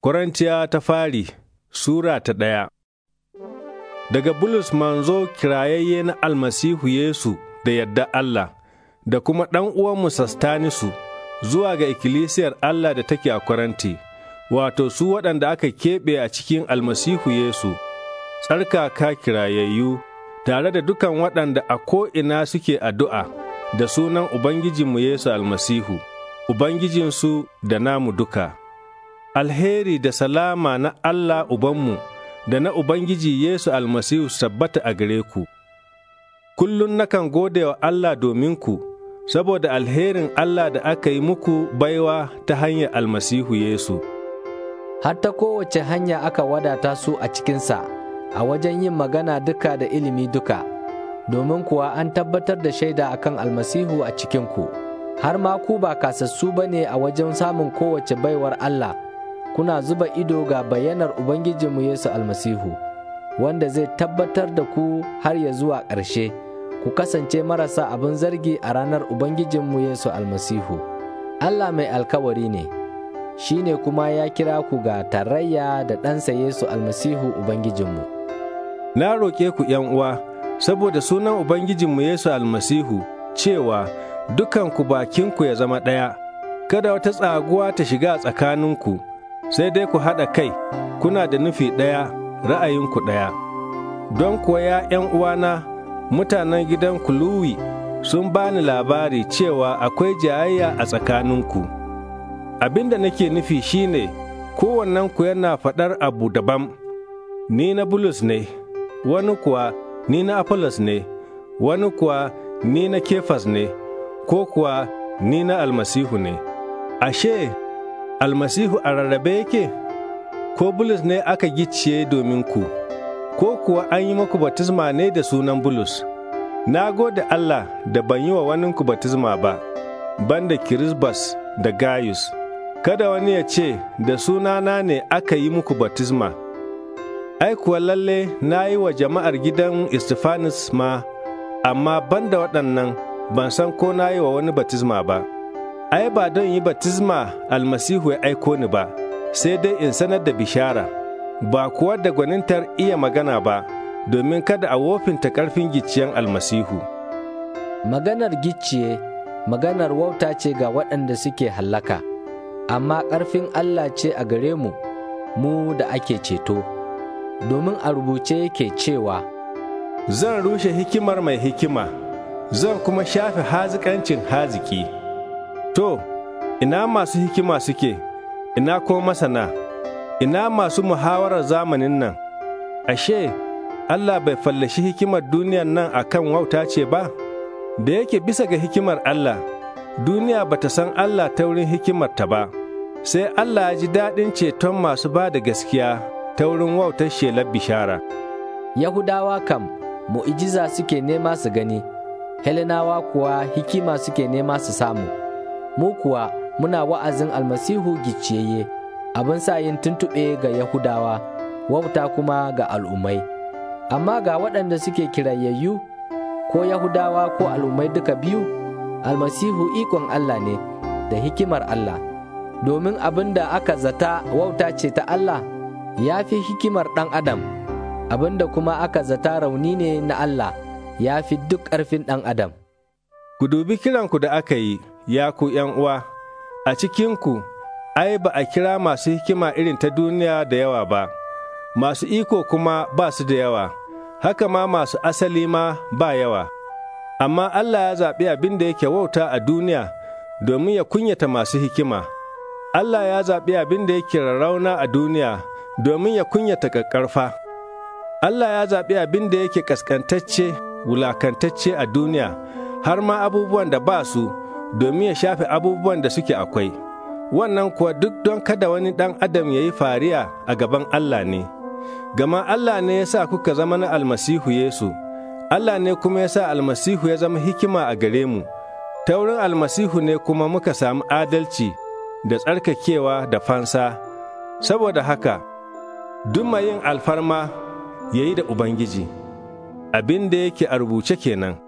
Korintiya ta fari Sura ta ɗaya Daga Bulus manzo kirayayye na almasihu Yesu da yadda Allah, da kuma ɗan uwanmu Sastanisu zuwa ga ikkilisiyar Allah da take a Korinti, wato su waɗanda aka keɓe a cikin almasihu Yesu, tsarkaka kirayayyu tare da dukan waɗanda a ko'ina suke addu'a da sunan Ubangijinmu Yesu almasihu, Ubangijinsu da namu duka. alheri da salama na Allah Ubanmu da na Ubangiji Yesu almasihu tabbata a gare ku. Kullum nakan gode wa Allah dominku, saboda alherin Allah da aka yi muku baiwa ta hanyar almasihu Yesu. Har ta kowace hanya aka wadata su a cikinsa, a wajen yin magana duka da ilimi duka, domin kuwa an tabbatar da shaida akan almasihu a cikinku. Har ma ku ba kasassu ba ne a wajen samun kowace baiwar Allah. kuna zuba ido ga bayanar Ubangijinmu Yesu almasihu, wanda zai tabbatar da ku har ya zuwa ƙarshe, ku kasance marasa abin zargi a ranar Ubangijinmu Yesu almasihu. Allah mai alkawari ne, shi ne kuma ya kira ku ga tarayya da ɗansa Yesu almasihu Ubangijinmu. Na roƙe ku uwa, saboda sunan Ubangijinmu Yesu almasihu, cewa dukanku bakinku ya zama ɗaya, kada wata tsaguwa ta shiga tsakaninku. sai dai ku haɗa kai, kuna da nufi ɗaya, ra'ayinku ɗaya. Don kuwa ya ’yan uwana, mutanen gidan Kuluwi sun ba ni labari cewa akwai jayayya a tsakaninku. Abin da nake nufi shine kowannenku yana faɗar abu daban, ni na Bulus ne, wani kuwa ni na Apollos ne, wani kuwa ni na Kefas ne, ko kuwa ni na Almasihu ne. Ashe, almasihu a rarrabe yake ko bulus ne aka gicciye domin ku ko kuwa an yi muku batisma ne da sunan bulus na gode allah da ban yi wa ku batisma ba banda kirisbas da gayus kada wani ya ce da sunana ne aka yi muku batisma ai kuwa lalle na yi wa jama'ar gidan istifanis ma amma banda waɗannan ban san ko na yi wa wani batisma ba. ai ba don yi batizma almasihu ya aiko ni ba, sai dai in sanar da bishara, ba kuwa da gwanintar iya magana ba, domin kada a wofinta ƙarfin gicciyen almasihu. Maganar gicciye, maganar wauta ce ga waɗanda suke hallaka, amma ƙarfin Allah ce a gare mu, mu da ake ceto, domin a rubuce yake cewa, Zan rushe hikimar mai hikima, zan kuma shafe hazikancin haziki. To, ina masu hikima suke, ina ko masana, ina masu muhawarar zamanin nan, ashe, Allah bai fallashi hikimar duniyan nan a kan wauta ce ba, da yake bisa ga hikimar Allah, duniya ba ta san Allah ta wurin ta ba, sai Allah ya ji daɗin ceton masu ba da gaskiya ta wurin wautar shelar bishara. Yahudawa kam, mu'ijiza suke nema su gani, Helenawa kuwa hikima suke nema su samu. mu kuwa muna wa'azin almasihu gicciyayye abin sa yin tuntuɓe ga yahudawa wauta kuma ga al'ummai amma ga waɗanda suke kirayayyu ko yahudawa ko al'ummai duka biyu almasihu ikon allah ne da hikimar allah domin abin da aka zata wauta ce ta allah ya fi hikimar ɗan adam abin da kuma aka zata rauni ne na allah ya fi duk ƙarfin ɗan adam ku dubi kiranku da aka yi ya ku uwa, a cikinku, ai, ba a kira masu hikima irin ta duniya da yawa ba, masu iko kuma ba su da yawa, haka ma masu asali ma ba yawa. Amma Allah ya zaɓi abin da yake wauta a duniya domin ya kunyata masu hikima. Allah ya zaɓi abin da yake rarrauna a duniya domin ya kunyata ƙaƙƙarfa. Allah ya zaɓi abin da yake ƙasƙantacce, wulakantacce a duniya, har ma abubuwan da ba su. domin ya shafe abubuwan da suke akwai wannan kuwa duk don kada wani ɗan adam ya yi fariya a gaban Allah ne gama Allah ne ya sa kuka zama na almasihu Yesu Allah ne kuma ya sa almasihu ya zama hikima a gare mu ta wurin almasihu ne kuma muka samu adalci da tsarkakewa da fansa saboda haka duk mai yin alfarma ya yi da Ubangiji abin da yake a rubuce kenan.